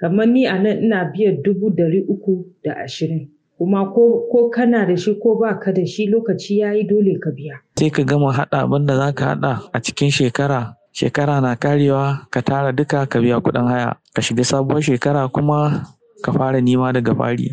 kamar ni a nan ina biyan dubu ɗari uku da ashirin kuma ko kana da shi ko ba ka da shi lokaci ya yi dole ka biya. Sai ka gama haɗa abin da za ka haɗa a cikin shekara shekara na karewa ka tara duka ka biya kuɗin haya ka shiga sabuwar shekara kuma ka fara nema daga fari.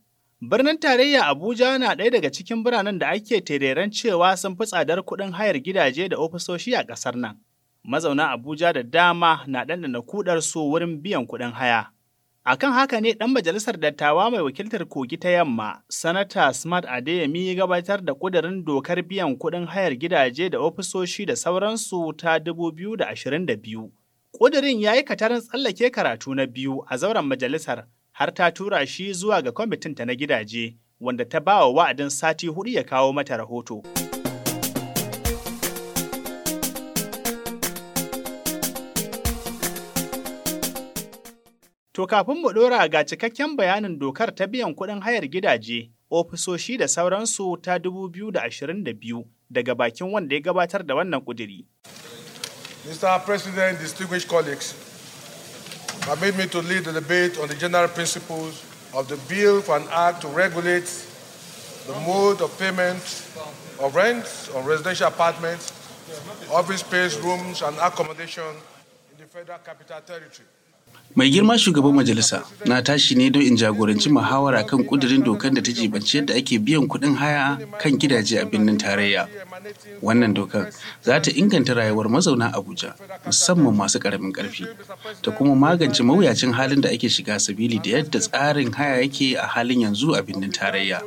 Birnin tarayya Abuja na ɗaya daga cikin biranen da ake tereren cewa sun fi tsadar kuɗin hayar gidaje da ofisoshi a ƙasar nan. Mazauna Abuja da dama na ɗanɗana kuɗar su wurin biyan kuɗin haya. A kan haka ne ɗan majalisar dattawa mai wakiltar kogi ta yamma, Sanata Smart Adeyemi ya gabatar da ƙudurin dokar biyan kuɗin hayar gidaje da ofisoshi da sauransu ta 2022. Ƙudurin ya yi katarin tsallake karatu na biyu a zauren majalisar har ta tura shi zuwa ga kwamitinta na gidaje wanda ta ba wa wa'adin sati hudu ya kawo mata rahoto. To kafin mu ɗora ga cikakken bayanin dokar ta biyan kuɗin hayar gidaje, ofisoshi da sauransu ta 2022 daga bakin wanda ya gabatar da wannan ƙudiri. Mr. President, distinguished colleagues, permit me to lead the debate on the general principles of the Bill for an Act to regulate the mode of payment of rents on residential apartments, office space, rooms, and accommodation in the Federal Capital Territory. Mai girma shugaban majalisa na tashi ne don in jagoranci muhawara kan kudirin dokan da ta jibanci yadda ake biyan kuɗin haya kan gidaje a birnin tarayya. Wannan dokan za ta inganta rayuwar mazauna Abuja musamman masu karamin karfi ta kuma magance mawuyacin halin da ake shiga sabili da yadda tsarin haya yake a halin yanzu a birnin tarayya.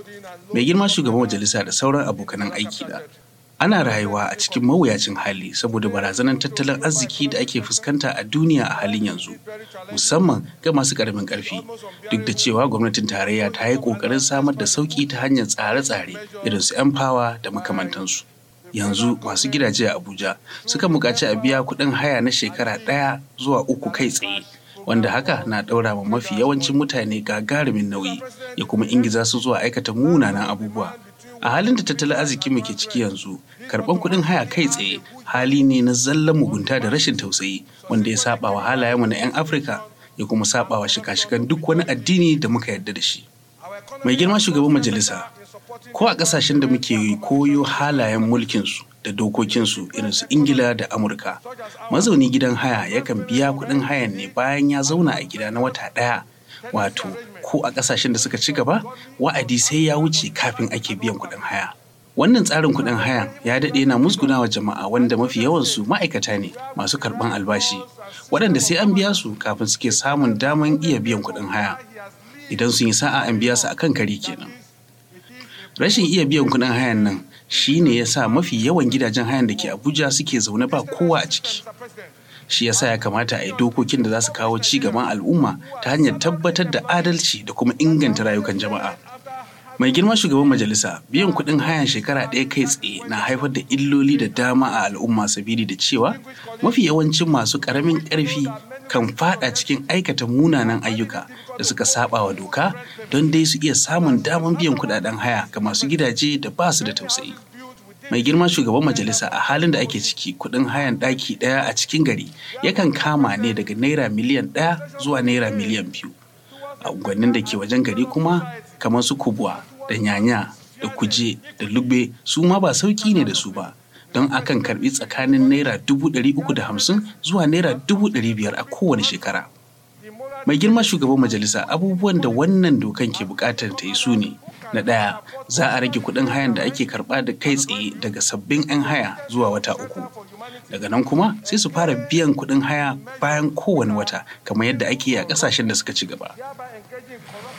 Mai girma shugaban majalisa da sauran abokanan aiki da ana rayuwa a cikin mawuyacin hali saboda barazanar tattalin arziki da ake fuskanta a duniya a halin yanzu musamman ga masu karamin karfi duk da cewa gwamnatin tarayya ta yi kokarin samar da sauki ta hanyar tsare-tsare irin su yan fawa da makamantansu yanzu masu gidaje a abuja suka buƙaci a biya kuɗin haya na shekara ɗaya zuwa uku kai tsaye wanda haka na ɗaura ma mafi yawancin mutane gagarumin nauyi ya kuma ingiza su zuwa aikata munanan abubuwa a halin da tattalin arziki muke ciki yanzu karban kuɗin haya kai tsaye hali ne na zallan mugunta da rashin tausayi wanda ya saba wa mu na 'yan afirka ya kuma saba wa shika-shikan duk wani addini da muka yarda da shi mai girma shugaban majalisa ko a ƙasashen da muke koyo halayen mulkinsu da dokokinsu irin su ingila da amurka mazauni gidan haya yakan biya kuɗin hayan ne bayan ya zauna a gida na wata ɗaya wato ko a ƙasashen da suka ci gaba wa'adi sai ya wuce kafin ake biyan kuɗin haya wannan tsarin kuɗin haya ya daɗe na musgunawa jama'a wanda mafi yawansu ma'aikata ne masu karɓan albashi waɗanda sai an biya su kafin suke samun daman iya biyan kuɗin haya idan sun yi sa'a an biya su akan kari kenan rashin iya biyan kuɗin hayan nan shi ne ya sa mafi yawan gidajen hayan da ke abuja suke zaune ba kowa a ciki shi ya sa ya kamata a yi dokokin da za su kawo ci gaban al'umma ta hanyar tabbatar da adalci da kuma inganta rayukan jama'a Mai girma shugaban majalisa biyan kuɗin hayan shekara ɗaya kai tsaye na haifar da illoli da dama a al'umma sabili da cewa mafi yawancin masu ƙaramin ƙarfi kan faɗa cikin aikata munanan ayyuka da suka saba wa doka don dai su iya samun damar biyan kuɗaɗen haya ga masu gidaje da ba su da tausayi. Mai girma shugaban majalisa a halin da ake ciki kuɗin hayan ɗaki ɗaya a cikin gari yakan kama ne daga naira miliyan ɗaya zuwa naira miliyan biyu. a unguwannin da ke wajen gari kuma kamar su kubwa da nyanya da kuje da lugbe su ma ba sauki ne da su ba don akan karbi tsakanin naira dubu ɗari uku da hamsin zuwa naira dubu ɗari biyar a kowane shekara mai girma shugaban majalisa abubuwan da wannan dokan ke buƙatar ta yi su ne Na ɗaya, za a rage kuɗin hayan da ake karɓa da kai tsaye daga sabbin 'yan haya zuwa wata uku. Daga nan kuma sai su fara biyan kuɗin haya bayan kowane wata kamar yadda ake yi a ƙasashen da suka ci gaba.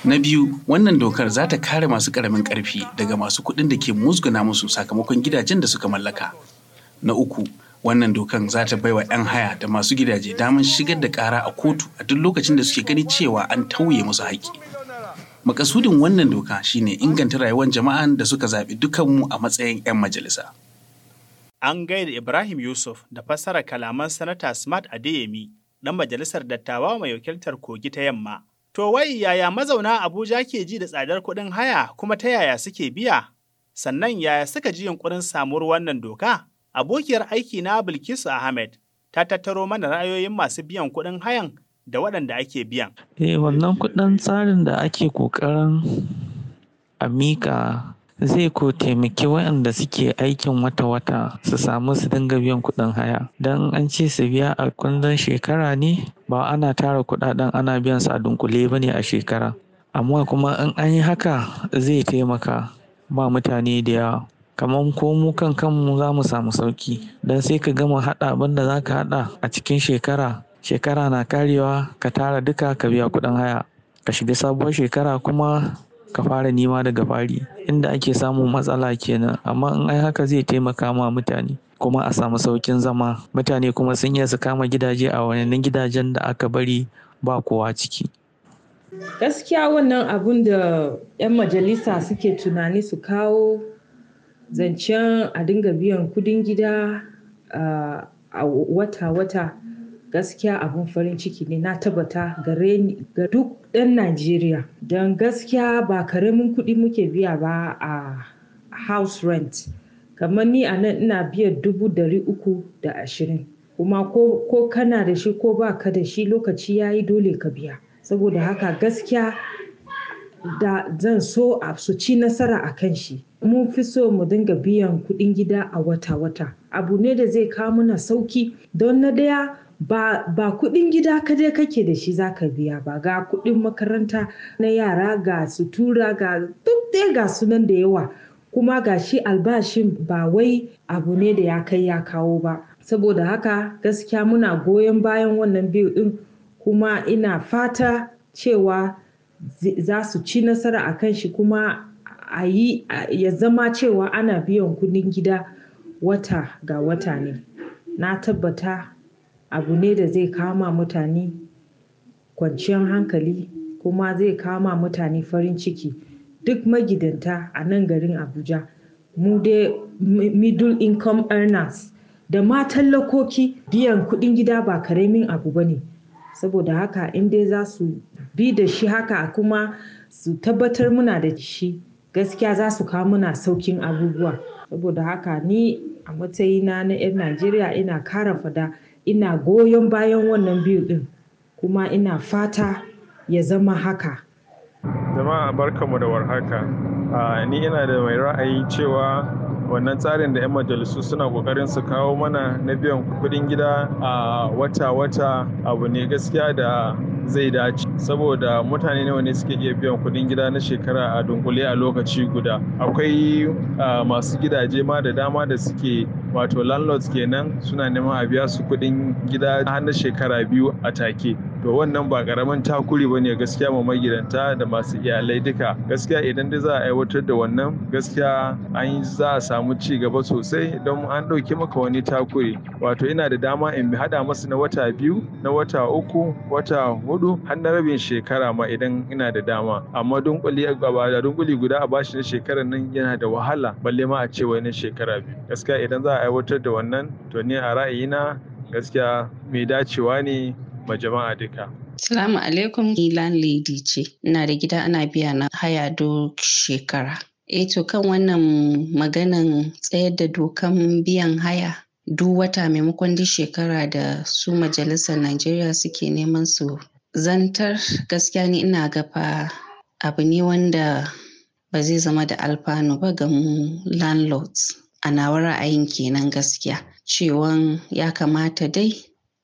Na biyu, wannan dokar za ta kare masu ƙaramin ƙarfi daga masu kuɗin da ke musguna musu sakamakon gidajen da suka mallaka. Na uku, wannan dokan za ta baiwa 'yan haya da masu gidaje damar shigar da ƙara a kotu a duk lokacin da suke gani cewa an tauye musu haƙƙi. Makasudin wannan doka shine inganta rayuwar jama'an da suka zaɓi dukanmu a matsayin 'yan majalisa. An gaida Ibrahim Yusuf da fassara kalaman Sanata Smart Adeyemi, ɗan majalisar dattawa mai wakiltar kogi ta yamma. To wai yaya mazauna Abuja ke ji da tsadar kuɗin haya kuma ta yaya suke biya? Sannan yaya suka ji yunkurin samuwar wannan doka? Abokiyar aiki na Bilkisu Ahmed ta tattaro mana ra'ayoyin masu biyan kuɗin hayan da waɗanda ake biyan. Eh wannan kuɗin tsarin da ake ƙoƙarin a mika zai ko taimaki waɗanda suke aikin wata-wata su samu su dinga biyan kuɗin haya don an ce su biya a kundin shekara ne ba ana tara kuɗaɗen ana biyan su a dunkule ba ne a shekara amma kuma in an yi haka zai taimaka ba mutane da yawa kamar ko mu kan kanmu za mu samu sauki don sai ka gama haɗa abin da za ka haɗa a cikin shekara shekara na karewa ka tara duka ka biya kuɗin haya ka shiga sabuwar shekara kuma ka fara nema daga fari inda ake samun matsala kenan amma in ai haka zai taimaka ma mutane kuma a samu saukin zama mutane kuma sun iya su kama gidaje a wannan gidajen da aka bari ba kowa ciki gaskiya wannan abun da 'yan majalisa suke tunani su kawo zancen a dinga biyan kudin gida ah, a wata-wata gaskiya abin farin ciki ne na tabbata gare ga duk ɗan Najeriya. Don gaskiya ba karamin kuɗi muke biya ba a house rent. Kamar ni a nan ina biya dubu dari uku da ashirin. Kuma ko, kana da shi ko ba ka da shi lokaci ya yi dole ka biya. Saboda haka gaskiya da zan so a su ci nasara a kan shi. Mun fi so mu dinga biyan kuɗin gida a wata-wata. Abu ne da zai kawo mana sauki don na daya. ba, ba kuɗin gida ka kadai kake da shi za ka biya ba ga kuɗin makaranta na yara ga sutura ga duk dai ga sunan da yawa kuma ga shi albashin ba wai abu ne da ya kai ya kawo ba saboda haka gaskiya muna goyon bayan wannan biyu ɗin kuma ina fata cewa za su ci nasara a kan shi kuma a yi ya zama cewa ana biyan kuɗin gida wata ga wata ne na tabbata abu ne da zai kama mutane kwanciyar hankali kuma zai kama mutane farin ciki. Duk magidanta a nan garin Abuja mu dai middle income earners da ma talakoki biyan kuɗin gida ba ƙaramin abu ba ne. Saboda haka in dai za su bi da shi haka kuma su tabbatar muna da shi gaskiya za su kawo muna saukin abubuwa. Saboda haka ni a matsayina na 'yan Najeriya ina kara fada ina goyon bayan wannan biyu ɗin kuma ina fata ya zama haka. Jama'a barkanmu da warhaka. ni ina da mai ra'ayi cewa wannan tsarin da 'yan majalisu suna kokarin su kawo mana na biyan kuɗin gida a wata-wata abu ne gaskiya da zai dace saboda mutane nawa ne suke iya biyan kudin gida na shekara a dunkule a lokaci guda akwai masu gidaje ma da dama da suke wato landlords kenan suna neman a biya su kudin gida har na shekara biyu a take to wannan ba karamin takuri bane gaskiya ma magidanta da masu iyalai duka gaskiya idan dai za a aiwatar da wannan gaskiya an za a samu ci gaba sosai don an ɗauki maka wani takuri wato ina da dama in haɗa masu na wata biyu na wata uku wata hudu har na rabin shekara ma idan ina da dama amma dunkuli a dunkuli guda a bashi na shekarar nan yana da wahala balle ma a ce wani shekara biyu gaskiya idan za a aiwatar da wannan to ni a ra'ayina gaskiya mai dacewa ne ma jama'a duka. Salamu alaikum, Ilan Lady ce. Ina da gida ana biya na haya duk shekara. E to kan wannan maganan tsayar da dokan biyan haya duk wata maimakon duk shekara da su majalisar Najeriya suke neman su zantar gaskiya ni ina gafa abu ne wanda ba zai zama da alfanu ba ga mu landlords a nawa ra'ayin kenan gaskiya cewan ya kamata dai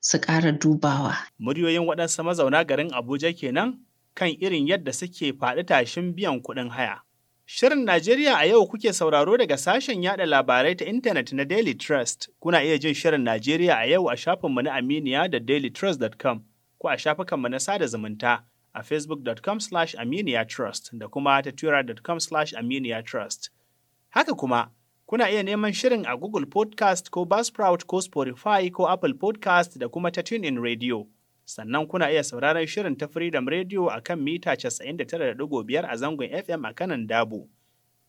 su ƙara dubawa. Muryoyin waɗansu mazauna garin Abuja kenan kan irin yadda suke faɗi tashin biyan kuɗin haya. Shirin Najeriya a yau kuke sauraro daga sashen yada labarai ta intanet na Daily Trust. Kuna iya jin Shirin Najeriya a yau a shafinmu na Aminiya da dailytrust.com ko a shafukanmu na sada zumunta a facebook.com slash trust da kuma ta twitter.com slash trust. Haka kuma, Kuna iya neman shirin a Google Podcast ko Buzzsprout ko Spotify ko Apple Podcast da kuma ta TuneIn Radio. Sannan kuna iya sauraron shirin ta Freedom Radio a kan mita 99.5 a zangon FM a kanan Dabo,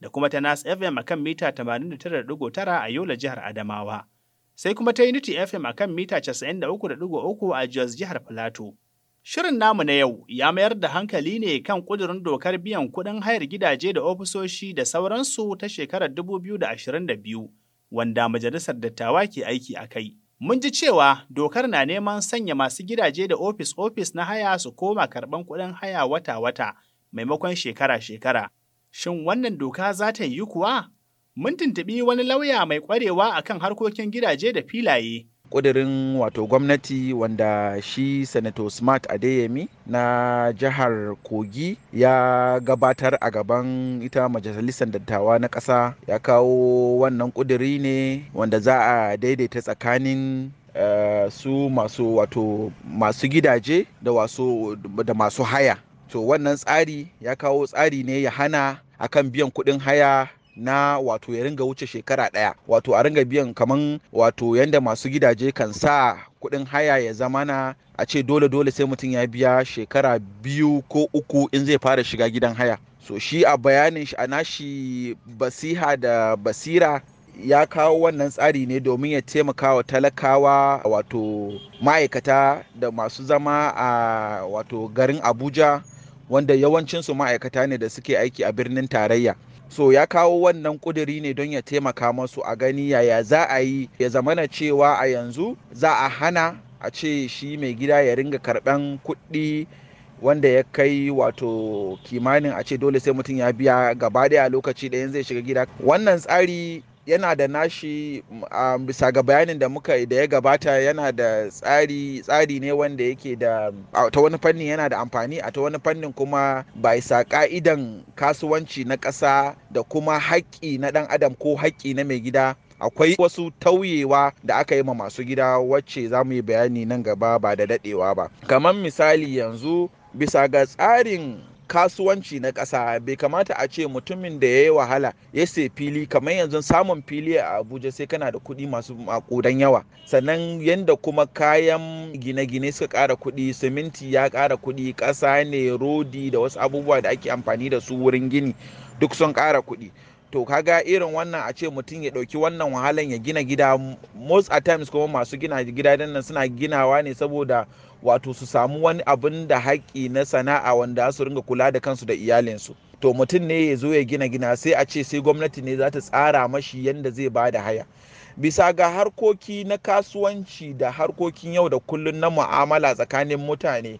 da kuma ta Nas FM a kan mita 89.9 a Yola jihar Adamawa. Sai kuma ta Unity FM a kan mita 93.3 a Jos jihar Filato. Shirin namu na yau ya mayar da hankali ne kan ƙudurin dokar biyan kuɗin hayar gidaje da ofisoshi da sauransu ta shekarar 2022 wanda Majalisar Dattawa ke aiki a kai. Mun ji cewa dokar na neman sanya masu gidaje da ofis-ofis na haya su koma karɓan kuɗin haya wata-wata maimakon shekara-shekara. Shin wannan doka za ta yi kuwa? Mun tuntuɓi wani lauya mai ƙwarewa akan harkokin gidaje da filaye. ƙudurin wato gwamnati wanda shi senator smart adeyemi na jihar kogi ya gabatar a gaban ita majalisar dattawa na ƙasa ya kawo wannan ƙuduri ne wanda za a daidaita tsakanin uh, su masu wato masu gidaje da, wasu, da masu haya to wannan tsari ya kawo tsari ne ya hana akan biyan kuɗin haya na wato ya ringa wuce shekara ɗaya wato a ringa biyan kaman wato yanda masu gidaje kan sa kuɗin haya ya zama na a ce dole dole sai mutum ya biya shekara biyu ko uku in zai fara shiga gidan haya so shi a bayanin shi a nashi basiha da basira ya kawo wannan tsari ne domin ya taimaka wa talakawa wato ma'aikata da masu zama a wato garin abuja wanda yawancinsu ma'aikata ne da suke aiki a birnin tarayya so ya kawo wannan kuduri ne don ya taimaka masu a gani yaya za a yi ya zamana cewa a yanzu za a hana a ce shi mai gida ya ringa karɓan kuɗi wanda ya kai wato kimanin a ce dole sai mutum ya biya gaba daya lokaci ɗayan zai shiga gida wannan tsari yana da nashi um, bisa ga bayanin da muka da ya gabata yana da tsari tsari ne wanda yake da ta wani fannin yana da amfani a ta wani fannin kuma ba isa ka'idan kasuwanci na ƙasa da kuma haƙƙi na ɗan adam ko haƙƙi na mai gida akwai wasu tauyewa da aka yi ma masu gida wacce za mu yi bayani nan gaba ba da daɗewa ba kamar misali yanzu bisa ga tsarin kasuwanci na ƙasa bai kamata a ce mutumin da ya yi wahala ya sai fili kamar yanzu samun fili a abuja sai kana da kuɗi masu makudan yawa sannan yadda kuma kayan gine-gine suka ƙara kuɗi siminti ya ƙara kuɗi ƙasa ne rodi da wasu abubuwa da ake amfani da su wurin gini duk sun ƙara kuɗi to kaga irin wannan a ce mutum ya ɗauki wannan wahalan ya gina gida most at times kuma masu gina gidajen nan suna ginawa ne saboda wato su samu wani abin da haƙƙi na sana'a wanda su ringa kula da kansu da iyalinsu to mutum ne ya zo ya gina gina sai a ce sai gwamnati ne za ta tsara mashi yadda zai ba da haya bisa ga harkoki na kasuwanci da harkokin yau da kullum na mu'amala tsakanin mutane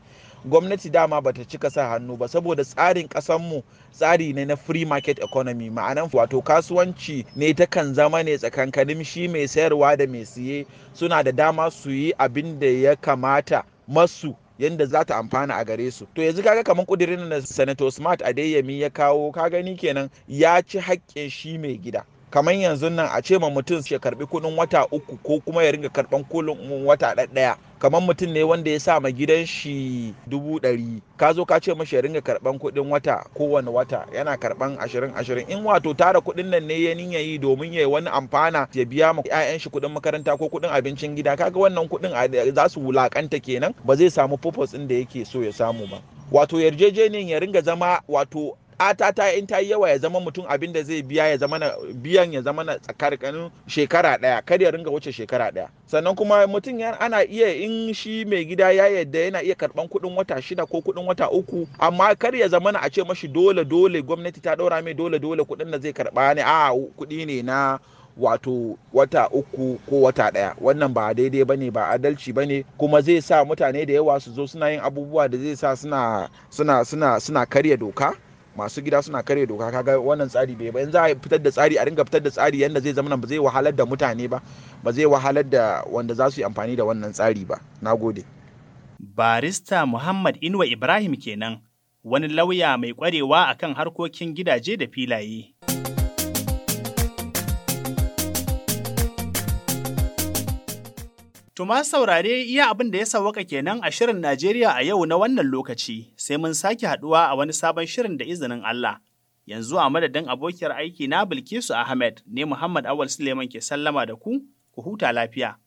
gwamnati dama ba ta cika sa hannu ba saboda tsarin kasanmu tsari ne na free market economy ma'anan wato kasuwanci ne ta kan zama ne tsakankanin shi mai sayarwa da mai siye suna da dama su yi abin da ya kamata masu yadda za ta amfana a gare su to yanzu kaga kamar kudirin da senator smart adeyemi ya kawo ka gani kenan ya ci haƙƙin shi mai gida kamar yanzu nan a ce ma mutum ya karbi kuɗin wata uku ko kuma ya ringa karban kulun wata ɗaya kamar mutum ne wanda ya sa ma gidan shi dubu ɗari ka zo ka ce mashi ya ringa karɓan kuɗin wata kowane wata yana karɓan ashirin ashirin in wato tara kuɗin nan ne ya niyya yi domin ya yi wani amfana ya biya ma 'ya'yan shi kuɗin makaranta ko kuɗin abincin gida kaga wannan kuɗin za su wulaƙanta kenan ba zai samu purpose ɗin da yake so ya samu ba wato yarjejeniyar ya ringa zama wato ata ta in ta yi yawa ya zama mutum abin da zai biya ya zama biyan ya zama na tsakarkanin shekara daya kar ya ringa wuce shekara daya sannan kuma mutum ana iya in shi mai gida ya yadda yana iya karban kuɗin wata shida ko kuɗin wata uku amma kar ya zama a ce mashi dole dole gwamnati ta ɗaura mai dole dole kuɗin da zai karba ne a kuɗi ne na wato wata uku ko wata ɗaya wannan ba daidai bane ba adalci bane kuma zai sa mutane da yawa su zo suna yin abubuwa da zai sa suna suna suna suna karya doka masu gida suna kare doka kaga wannan tsari bai ba Yanzu a fitar da tsari a ringa fitar da tsari yanda zai zama ba zai wahalar da mutane ba ba zai wahalar da wanda za su yi amfani da wannan tsari ba Na gode. barista muhammad inuwa ibrahim kenan wani lauya mai kwarewa akan harkokin gidaje da filaye Tuma saurare iya abin da ya sawaka kenan a shirin Najeriya a yau na wannan lokaci, sai mun sake haduwa a wani sabon shirin da izinin Allah. Yanzu a madadin abokiyar aiki na Bilkisu Ahmed ne Muhammad Awal Suleiman ke sallama da ku, ku huta lafiya.